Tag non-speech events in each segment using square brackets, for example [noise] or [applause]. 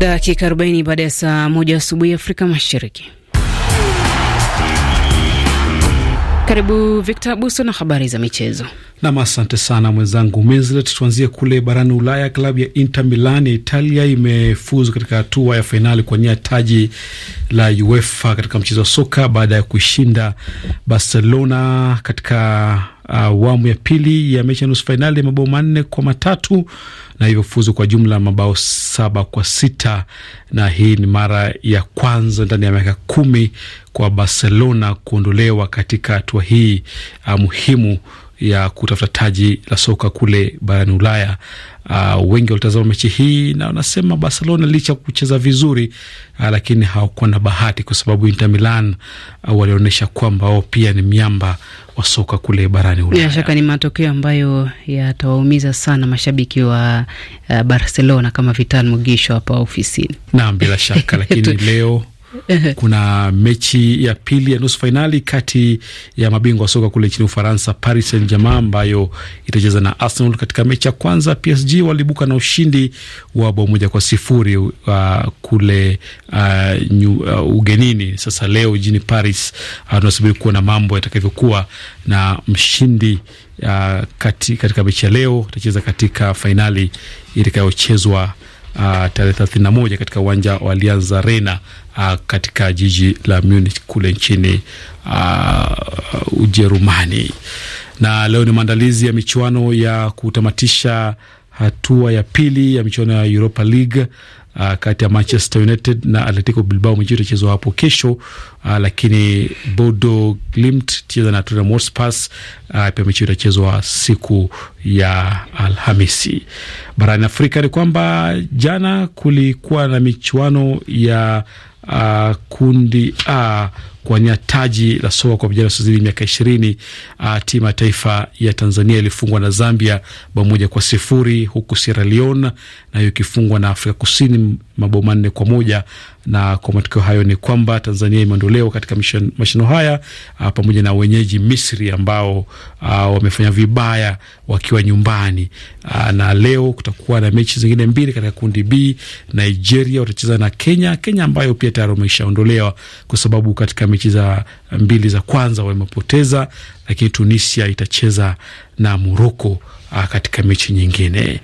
Dakika 40 baada ya saa moja asubuhi Afrika Mashariki. Karibu Victor Buso na habari za michezo. Nam, asante sana mwenzangu Meslet. Tuanzie kule barani Ulaya. Klabu ya Inter Milan ya Italia imefuzu katika hatua ya fainali kuwania taji la UEFA katika mchezo wa soka baada ya kuishinda Barcelona katika Uh, awamu uh, ya pili ya mechi ya nusu fainali mabao manne kwa matatu na hivyo fuzu kwa jumla mabao saba kwa sita na hii ni mara ya kwanza ndani ya miaka kumi kwa Barcelona kuondolewa katika hatua hii uh, muhimu ya kutafuta taji la soka kule barani Ulaya. Uh, wengi walitazama mechi hii na wanasema Barcelona licha kucheza vizuri uh, lakini hawakuwa na bahati kwa sababu Inter Milan uh, walionyesha kwamba wao pia ni miamba wa soka kule barani Ulaya. Bila shaka ni matokeo ambayo yatawaumiza sana mashabiki wa uh, Barcelona kama Vital Mugisho hapa ofisini. Naam, bila shaka lakini [laughs] leo kuna mechi ya pili ya nusu fainali kati ya mabingwa wa soka kule nchini Ufaransa, Paris Saint Germain ambayo itacheza na Arsenal. Katika mechi ya kwanza PSG waliibuka na ushindi wa bao moja kwa sifuri uh, kule uh, nyu, uh, ugenini. Sasa leo jijini Paris uh, tunasubiri kuona mambo yatakavyokuwa na mshindi uh, kati, katika mechi ya leo itacheza katika fainali itakayochezwa uh, tarehe 31 katika uwanja wa Allianz Arena uh, katika jiji la Munich kule nchini uh, Ujerumani. Na leo ni maandalizi ya michuano ya kutamatisha hatua ya pili ya michuano ya Europa League uh, kati ya Manchester United na Atletico Bilbao. Mechi itachezwa hapo kesho uh, lakini Bodo Glimt cheza na Tottenham Hotspur uh, pia mechi itachezwa siku ya Alhamisi. Barani Afrika ni kwamba jana kulikuwa na michuano ya Ah, kundi A kuwania taji la soka kwa vijana wasiozidi miaka ishirini. Uh, Timu ya taifa ya Tanzania ilifungwa na Zambia bao moja kwa sifuri huku Sierra Leone nayo ikifungwa na Afrika Kusini mabao manne kwa moja na kwa matokeo hayo ni kwamba Tanzania imeondolewa katika mashindano haya uh, pamoja na wenyeji Misri ambao uh, wamefanya vibaya wakiwa nyumbani uh, na leo kutakuwa na mechi zingine mbili katika kundi B. Nigeria watacheza na Kenya, Kenya ambayo pia tayari wameshaondolewa kwa sababu katika mechi za mbili za kwanza wamepoteza, lakini Tunisia itacheza na Moroko ah, katika mechi nyingine.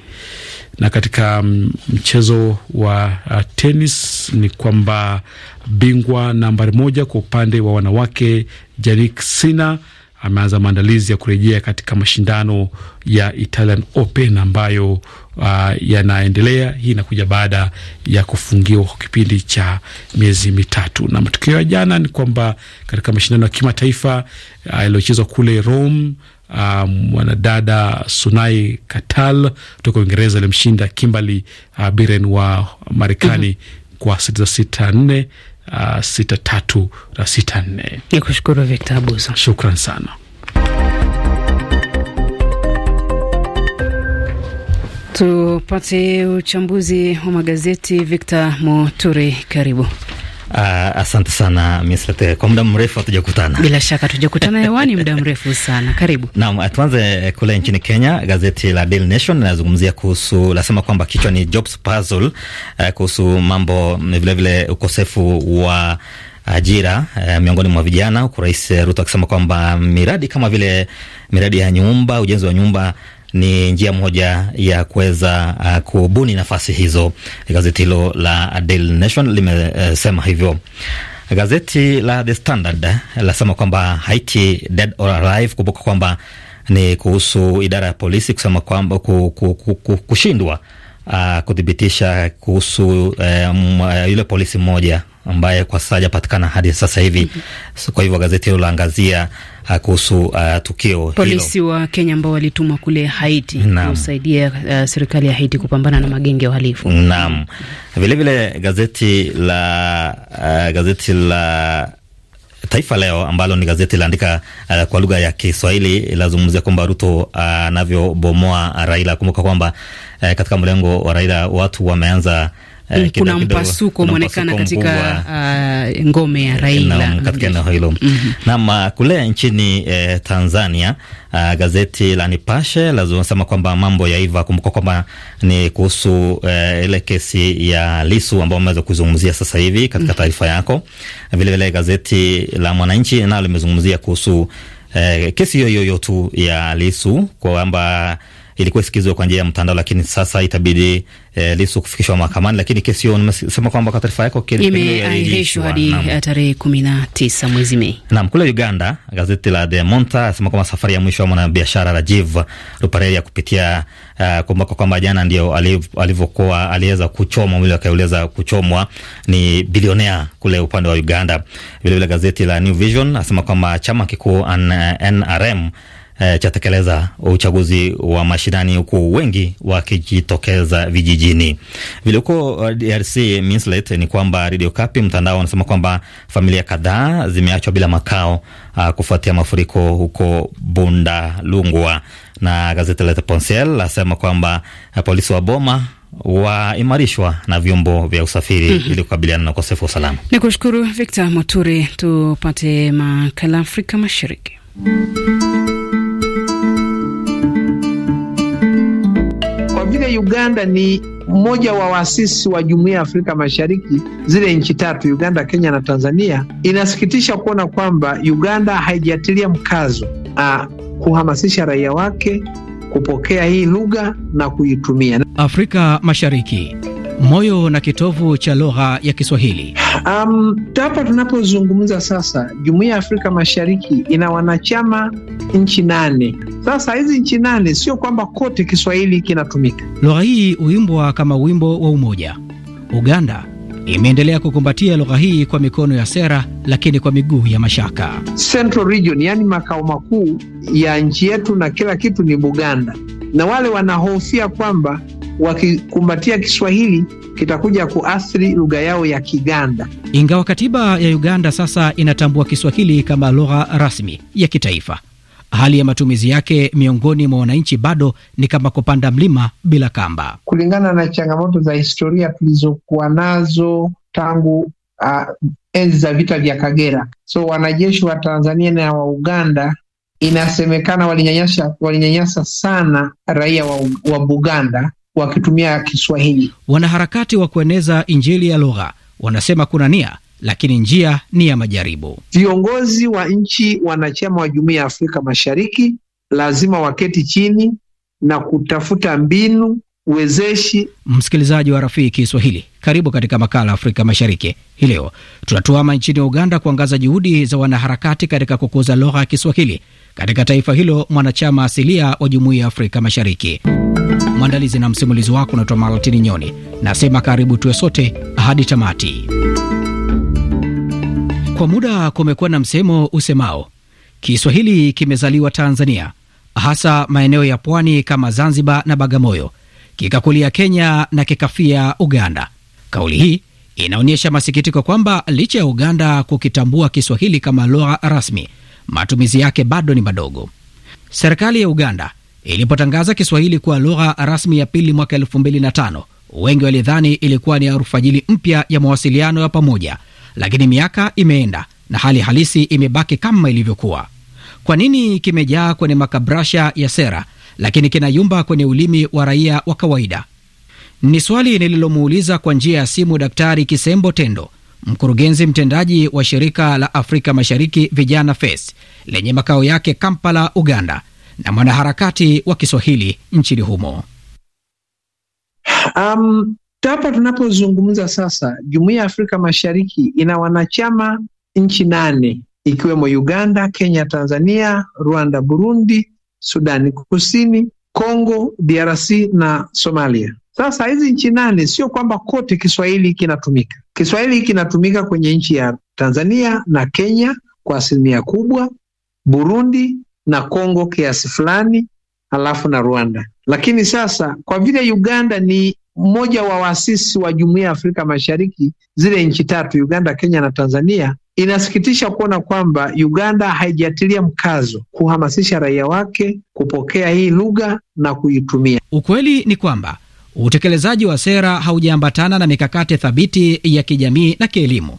Na katika mm, mchezo wa ah, tenis ni kwamba bingwa nambari moja kwa upande wa wanawake Jannik Sinner ameanza maandalizi ya kurejea katika mashindano ya Italian Open ambayo uh, yanaendelea. Hii inakuja baada ya kufungiwa kwa kipindi cha miezi mitatu. Na matokeo ya jana ni kwamba katika mashindano ya kimataifa ah, yaliyochezwa uh, kule Rome ah, mwanadada um, Sunai Katal kutoka Uingereza alimshinda Kimberly uh, Biren wa Marekani mm -hmm. kwa seti za sita nne uh, sita tatu na sita nne. kushukuru Victor Abuso, shukran sana. Tupate uchambuzi wa magazeti. Victor Moturi, karibu. Uh, asante sana Mislete, kwa muda mrefu hatujakutana. Bila shaka tujakutana hewani muda [laughs] mrefu sana, karibu. Naam, eh, tuanze eh, kule nchini Kenya. Gazeti la Daily Nation linazungumzia kuhusu, lasema kwamba kichwa ni jobs puzzle, uh, kuhusu mambo vilevile mm, vile ukosefu wa ajira eh, miongoni mwa vijana, huku Rais Ruto akisema kwamba miradi kama vile miradi ya nyumba, ujenzi wa nyumba ni njia moja ya kuweza uh, kubuni nafasi hizo. Gazeti hilo la Daily Nation limesema uh, hivyo. Gazeti la The Standard lasema kwamba Haiti dead or alive. Kumbuka kwamba ni kuhusu idara ya polisi kusema kwamba kushindwa uh, kuthibitisha kuhusu um, yule polisi mmoja ambaye kwa sasa hajapatikana hadi sasa hivi. Mm -hmm. kwa hivyo gazeti hilo laangazia Uh, kuhusu uh, tukio polisi hilo wa Kenya ambao walitumwa kule Haiti kusaidia uh, serikali ya Haiti kupambana na magenge ya uhalifu. Naam, vilevile gazeti la uh, gazeti la Taifa Leo ambalo ni gazeti laandika uh, kwa lugha ya Kiswahili lazungumzia kwamba Ruto uh, anavyobomoa uh, Raila. Kumbuka kwamba uh, katika mlengo wa Raila watu wameanza uh, kuna mpasuko umeonekana katika uh, ngome ya Raila katika eneo hilo mhm. nam ah, kule nchini eh, Tanzania. Uh, gazeti la Nipashe linasema kwamba mambo yaiva. Kumbuka kwamba ni kuhusu eh, ile kesi ya Lisu ambayo ameweza kuzungumzia sasa hivi katika mhm. taarifa yako. Vilevile gazeti la Mwananchi nalo limezungumzia kuhusu eh, kesi hiyo hiyo tu ya Lisu kwamba ilikuwa isikizwe kwa njia ya mtandao, lakini sasa itabidi eh, Lisu kufikishwa mahakamani. Lakini kesi hiyo nimesema kwamba kwa taarifa yako imeahirishwa hadi tarehe kumi na tisa mwezi Mei. Naam, kule Uganda gazeti la The Monitor asema kwamba safari ya mwisho ya mwanabiashara Rajiv Ruparelya kupitia uh, eh, kumbuka kwamba jana ndio alivyokuwa aliweza kuchomwa mwili wake uliweza kuchomwa, ni bilionea kule upande wa Uganda. Vilevile gazeti la New Vision asema kwamba chama kikuu NRM e, eh, chatekeleza uchaguzi wa mashinani huku wengi wakijitokeza vijijini vile huko uh, DRC. Minslet, ni kwamba Radio Kapi mtandao wanasema kwamba familia kadhaa zimeachwa bila makao a, uh, kufuatia mafuriko huko Bunda Lungwa, na gazeti la Ponsel lasema kwamba uh, polisi wa Boma waimarishwa na vyombo vya usafiri mm -hmm. ili kukabiliana na ukosefu wa usalama. Ni kushukuru Victor Moturi. Tupate makala Afrika Mashariki. mm -hmm. vile Uganda ni mmoja wa waasisi wa jumuiya ya Afrika Mashariki, zile nchi tatu Uganda, Kenya na Tanzania. Inasikitisha kuona kwamba Uganda haijatilia mkazo a ah, kuhamasisha raia wake kupokea hii lugha na kuitumia Afrika Mashariki moyo na kitovu cha lugha ya Kiswahili. Um, tunapozungumza sasa, Jumuiya ya Afrika Mashariki ina wanachama nchi nane. Sasa hizi nchi nane sio kwamba kote Kiswahili kinatumika. Lugha hii huimbwa kama wimbo wa umoja. Uganda imeendelea kukumbatia lugha hii kwa mikono ya sera, lakini kwa miguu ya mashaka. Central Region, yani makao makuu ya nchi yetu na kila kitu ni Buganda, na wale wanahofia kwamba wakikumbatia Kiswahili kitakuja kuathiri lugha yao ya Kiganda. Ingawa katiba ya Uganda sasa inatambua Kiswahili kama lugha rasmi ya kitaifa, hali ya matumizi yake miongoni mwa wananchi bado ni kama kupanda mlima bila kamba, kulingana na changamoto za historia tulizokuwa nazo tangu uh, enzi za vita vya Kagera. So wanajeshi wa Tanzania na wa Uganda inasemekana walinyanyasa, walinyanyasa sana raia wa, wa Buganda wakitumia Kiswahili. Wanaharakati wa kueneza Injili ya lugha wanasema kuna nia lakini njia ni ya majaribu. Viongozi wa nchi wanachama wa Jumuiya ya Afrika Mashariki lazima waketi chini na kutafuta mbinu uwezeshi. Msikilizaji wa rafiki Kiswahili, karibu katika makala Afrika Mashariki. Hii leo tunatuama nchini Uganda kuangaza juhudi za wanaharakati katika kukuza lugha ya Kiswahili katika taifa hilo mwanachama asilia wa jumuiya ya Afrika Mashariki. Mwandalizi na msimulizi wako unaitwa Malatini Nyoni, nasema karibu tuwe sote hadi tamati. Kwa muda kumekuwa na msemo usemao Kiswahili kimezaliwa Tanzania, hasa maeneo ya pwani kama Zanzibar na Bagamoyo, kikakulia Kenya na kikafia Uganda. Kauli hii inaonyesha masikitiko kwamba licha ya Uganda kukitambua Kiswahili kama lugha rasmi matumizi yake bado ni madogo. Serikali ya Uganda ilipotangaza Kiswahili kuwa lugha rasmi ya pili mwaka 25 wengi walidhani ilikuwa ni arufajili mpya ya mawasiliano ya pamoja, lakini miaka imeenda na hali halisi imebaki kama ilivyokuwa. Kwa nini kimejaa kwenye makabrasha ya sera lakini kinayumba kwenye ulimi wa raia wa kawaida? Ni swali nililomuuliza kwa njia ya simu Daktari Kisembo Tendo Mkurugenzi mtendaji wa shirika la Afrika Mashariki Vijana Fest lenye makao yake Kampala, Uganda, na mwanaharakati wa Kiswahili nchini humo. Um, hapa tunapozungumza sasa, jumuiya ya Afrika Mashariki ina wanachama nchi nane ikiwemo Uganda, Kenya, Tanzania, Rwanda, Burundi, Sudani Kusini, Kongo, DRC na Somalia. Sasa hizi nchi nane, sio kwamba kote Kiswahili kinatumika. Kiswahili kinatumika kwenye nchi ya Tanzania na Kenya kwa asilimia kubwa, Burundi na Kongo kiasi fulani, halafu na Rwanda. Lakini sasa kwa vile Uganda ni mmoja wa waasisi wa Jumuiya ya Afrika Mashariki, zile nchi tatu Uganda, Kenya na Tanzania, Inasikitisha kuona kwamba Uganda haijatilia mkazo kuhamasisha raia wake kupokea hii lugha na kuitumia. Ukweli ni kwamba utekelezaji wa sera haujaambatana na mikakati thabiti ya kijamii na kielimu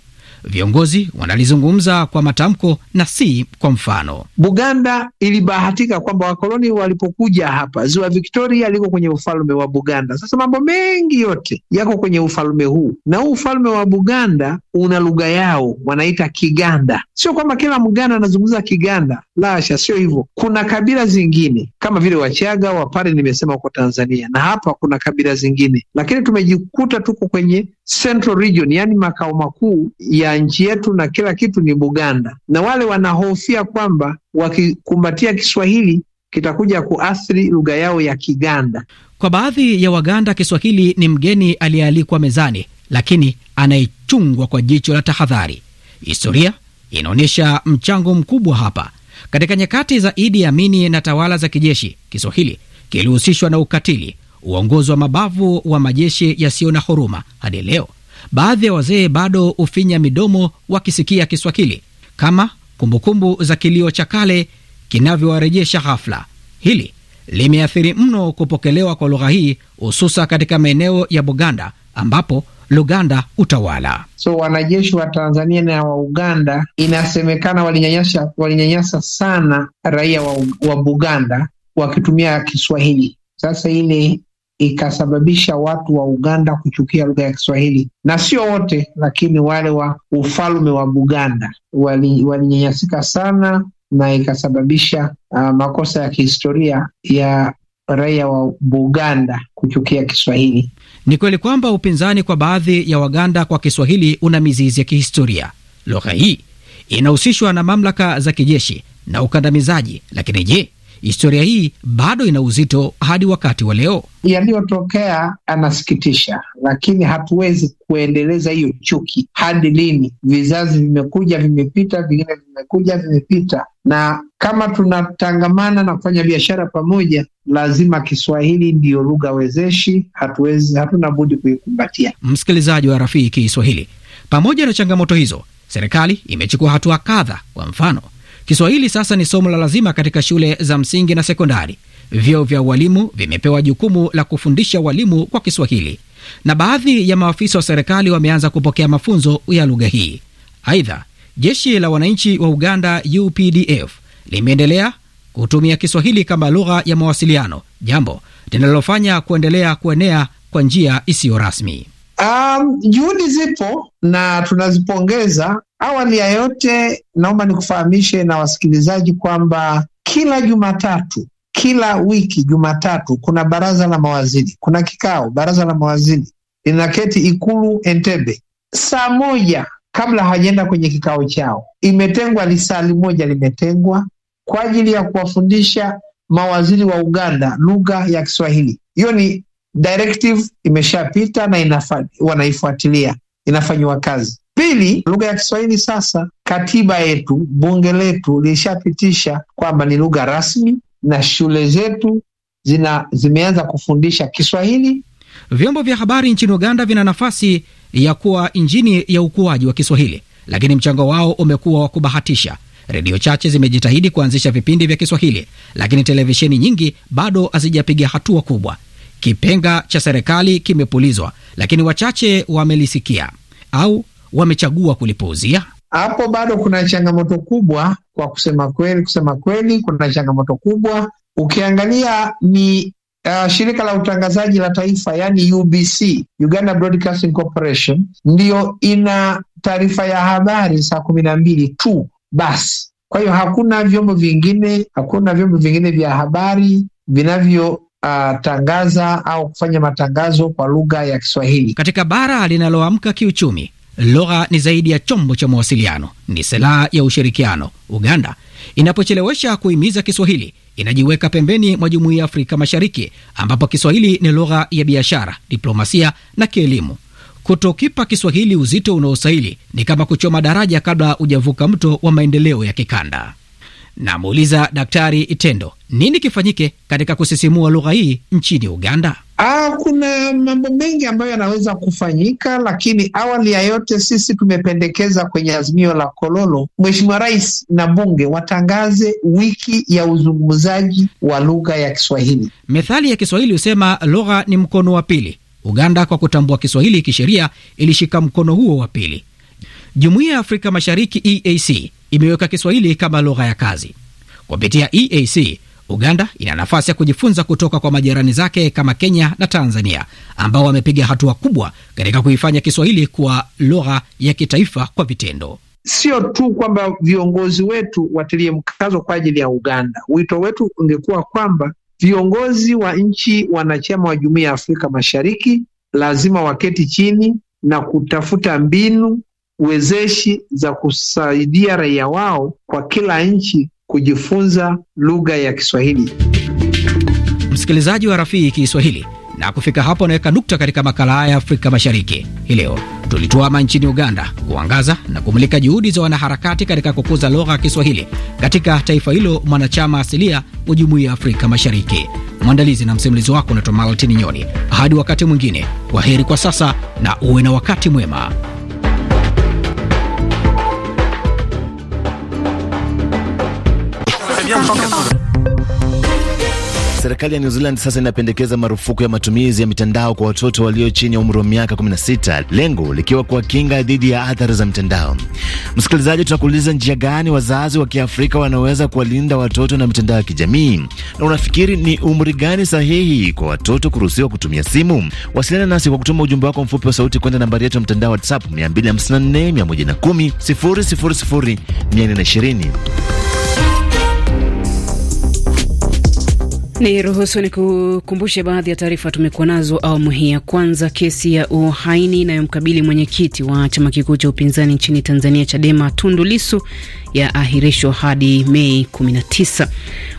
viongozi wanalizungumza kwa matamko na si kwa mfano. Buganda ilibahatika kwamba wakoloni walipokuja hapa, ziwa Victoria liko kwenye ufalme wa Buganda. Sasa mambo mengi yote yako kwenye ufalme huu, na huu ufalme wa Buganda una lugha yao, wanaita Kiganda. Sio kwamba kila Mganda anazungumza Kiganda, lasha, sio hivyo. Kuna kabila zingine kama vile Wachaga, Wapare, nimesema huko Tanzania, na hapa kuna kabila zingine, lakini tumejikuta tuko kwenye Central Region, yani makao makuu ya nchi yetu na kila kitu ni Buganda, na wale wanahofia kwamba wakikumbatia Kiswahili kitakuja kuathiri lugha yao ya Kiganda. Kwa baadhi ya Waganda, Kiswahili ni mgeni aliyealikwa mezani, lakini anayechungwa kwa jicho la tahadhari. Historia inaonyesha mchango mkubwa hapa. Katika nyakati za Idi Amini na tawala za kijeshi, Kiswahili kilihusishwa na ukatili, uongozi wa mabavu wa majeshi yasiyo na huruma. Hadi leo baadhi ya wazee bado hufinya midomo wakisikia Kiswahili kama kumbukumbu za kilio cha kale kinavyowarejesha ghafla. Hili limeathiri mno kupokelewa kwa lugha hii, hususa katika maeneo ya Buganda ambapo Luganda utawala. So wanajeshi wa Tanzania na wa Uganda inasemekana walinyanyasa, walinyanyasa sana raia wa, wa Buganda wakitumia Kiswahili. Sasa ile ikasababisha watu wa Uganda kuchukia lugha ya Kiswahili, na sio wote, lakini wale wa ufalme wa Buganda walinyanyasika wali sana, na ikasababisha uh, makosa ya kihistoria ya raia wa Buganda kuchukia Kiswahili. Ni kweli kwamba upinzani kwa baadhi ya Waganda kwa Kiswahili una mizizi ya kihistoria. Lugha hii inahusishwa na mamlaka za kijeshi na ukandamizaji, lakini je, Historia hii bado ina uzito hadi wakati wa leo. Yaliyotokea anasikitisha, lakini hatuwezi kuendeleza hiyo chuki hadi lini? Vizazi vimekuja vimepita, vingine vimekuja vimepita, na kama tunatangamana na kufanya biashara pamoja, lazima Kiswahili ndiyo lugha wezeshi, hatuwezi, hatuna budi kuikumbatia. Msikilizaji wa rafiki Kiswahili, pamoja na changamoto hizo, serikali imechukua hatua kadha. Kwa mfano Kiswahili sasa ni somo la lazima katika shule za msingi na sekondari. vyo vya walimu vimepewa jukumu la kufundisha walimu kwa Kiswahili, na baadhi ya maafisa wa serikali wameanza kupokea mafunzo ya lugha hii. Aidha, jeshi la wananchi wa Uganda UPDF limeendelea kutumia Kiswahili kama lugha ya mawasiliano, jambo linalofanya kuendelea kuenea kwa njia isiyo rasmi. Um, juhudi zipo na tunazipongeza Awali ya yote, naomba nikufahamishe na wasikilizaji kwamba kila Jumatatu, kila wiki Jumatatu kuna baraza la mawaziri, kuna kikao baraza la mawaziri linaketi Ikulu Entebbe saa moja kabla hawajaenda kwenye kikao chao, imetengwa lisali moja limetengwa kwa ajili ya kuwafundisha mawaziri wa Uganda lugha ya Kiswahili. Hiyo ni directive imeshapita na wanaifuatilia inafanyiwa kazi. Pili, lugha ya Kiswahili sasa, katiba yetu, bunge letu lishapitisha kwamba ni lugha rasmi na shule zetu zina, zimeanza kufundisha Kiswahili. Vyombo vya habari nchini Uganda vina nafasi ya kuwa injini ya ukuaji wa Kiswahili, lakini mchango wao umekuwa wa kubahatisha. Redio chache zimejitahidi kuanzisha vipindi vya Kiswahili, lakini televisheni nyingi bado hazijapiga hatua kubwa. Kipenga cha serikali kimepulizwa, lakini wachache wamelisikia au wamechagua kulipuuzia? Hapo bado kuna changamoto kubwa, kwa kusema kweli. Kusema kweli, kuna changamoto kubwa. Ukiangalia ni Uh, shirika la utangazaji la taifa yani UBC, Uganda Broadcasting Corporation, ndiyo ina taarifa ya habari saa kumi na mbili tu basi. Kwa hiyo hakuna vyombo vingine, hakuna vyombo vingine vya habari vinavyo Uh, tangaza au kufanya matangazo kwa lugha ya Kiswahili. Katika bara linaloamka kiuchumi, Lora ni zaidi ya chombo cha mawasiliano, ni silaha ya ushirikiano. Uganda inapochelewesha kuhimiza Kiswahili inajiweka pembeni mwa jumuiya ya Afrika Mashariki, ambapo Kiswahili ni lugha ya biashara, diplomasia na kielimu. Kutokipa Kiswahili uzito unaostahili ni kama kuchoma daraja kabla hujavuka mto wa maendeleo ya kikanda. Namuuliza Daktari Itendo, nini kifanyike katika kusisimua lugha hii nchini Uganda? Ah, kuna mambo mengi ambayo yanaweza kufanyika, lakini awali ya yote sisi tumependekeza kwenye azimio la Kololo, Mheshimiwa Rais na Bunge watangaze wiki ya uzungumzaji wa lugha ya Kiswahili. Methali ya Kiswahili husema lugha ni mkono wa pili. Uganda, kwa kutambua Kiswahili kisheria, ilishika mkono huo wa pili. Jumuiya ya Afrika Mashariki EAC imeweka Kiswahili kama lugha ya kazi. Kupitia EAC Uganda ina nafasi ya kujifunza kutoka kwa majirani zake kama Kenya na Tanzania ambao wamepiga hatua kubwa katika kuifanya Kiswahili kuwa lugha ya kitaifa kwa vitendo. Sio tu kwamba viongozi wetu watilie mkazo kwa ajili ya Uganda. Wito wetu ungekuwa kwamba viongozi wa nchi wanachama wa Jumuiya ya Afrika Mashariki lazima waketi chini na kutafuta mbinu wezeshi za kusaidia raia wao kwa kila nchi kujifunza lugha ya Kiswahili. Msikilizaji wa Rafiki Kiswahili, na kufika hapo naweka nukta katika makala haya ya Afrika Mashariki hii leo. Tulituama nchini Uganda kuangaza na kumulika juhudi za wanaharakati katika kukuza lugha ya Kiswahili katika taifa hilo mwanachama asilia wa Jumuiya ya Afrika Mashariki. Mwandalizi na msimulizi wako unaitwa Maltini Nyoni. Hadi wakati mwingine, heri kwa sasa na uwe na wakati mwema. vya Serikali ya New Zealand sasa inapendekeza marufuku ya matumizi ya mitandao kwa watoto walio chini ya umri wa miaka 16, lengo likiwa kuwakinga dhidi ya athari za mitandao. Msikilizaji, tunakuuliza njia gani wazazi wa Kiafrika wanaweza kuwalinda watoto na mitandao ya kijamii, na unafikiri ni umri gani sahihi kwa watoto kuruhusiwa kutumia simu? Wasiliana nasi kwa kutuma ujumbe wako mfupi wa sauti kwenda nambari yetu ya mtandao WhatsApp 254 110 000 420. Ni ruhusu ni kukumbushe baadhi ya taarifa tumekuwa nazo awamu hii ya kwanza. Kesi ya uhaini inayomkabili mwenyekiti wa chama kikuu cha upinzani nchini Tanzania, Chadema, Tundu Lisu ya ahirishwa hadi Mei 19.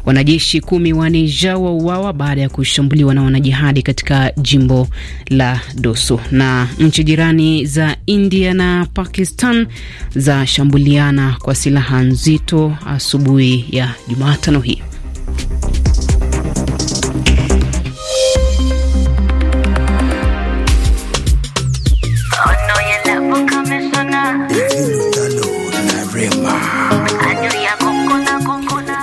Wanajeshi kumi wa Niger wauawa baada ya kushambuliwa na wanajihadi katika jimbo la Doso. Na nchi jirani za India na Pakistan za shambuliana kwa silaha nzito asubuhi ya Jumatano hii.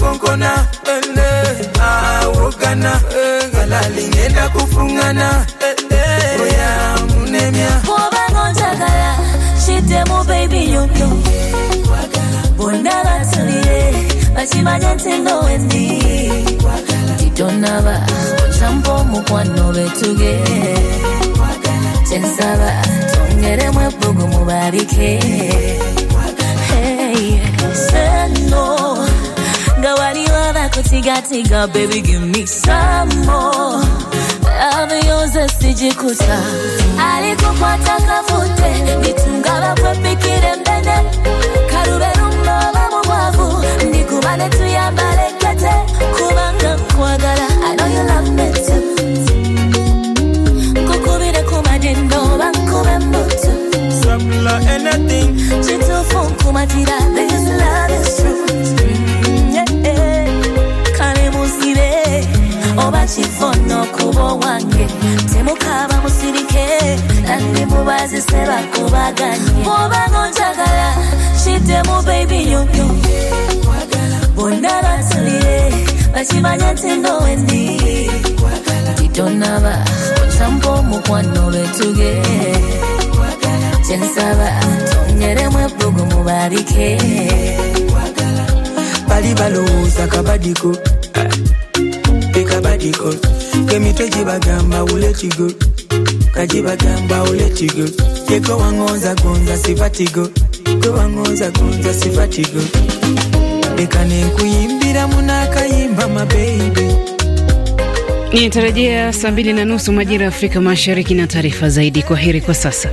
konkona awogana kalali kufungana oya munemya shitemu baby you know bonna batulire bakimanye nti nowendi titonaba onjamba omukwano betuge kyensaba tongeremu ebbugu mubalike hey, Kutiga tiga baby give me some more Love yours asijikuta Alikupa takafute Nitungaba kwa pikire mbene Karube rumba babu tu ya malekete. Kubanga nkwagala I know you love me too Kukubire kumadendo Bankube mbutu Sabla anything Chitufu nkumatira This love is true oba kivono kuba wange temukaaba musirike andi mubazise bakubaganye obanga onjagala kitemu baby yoyo bonna batulire bakimanya nti nowendi titonaba otampa omukwano betuge kyensaba tongeremu ebbugu mubalike bali balowooza kabadiko difficult kemitwe kibagamba ule kigo kagibagamba ule kigo yekwe wangonza gonza sifatigo gwe wangonza gonza sifatigo leka nenkuyimbira munakayimba mabeibi nitarajia saa mbili na nusu majira ya Afrika Mashariki na taarifa zaidi. Kwa heri kwa sasa.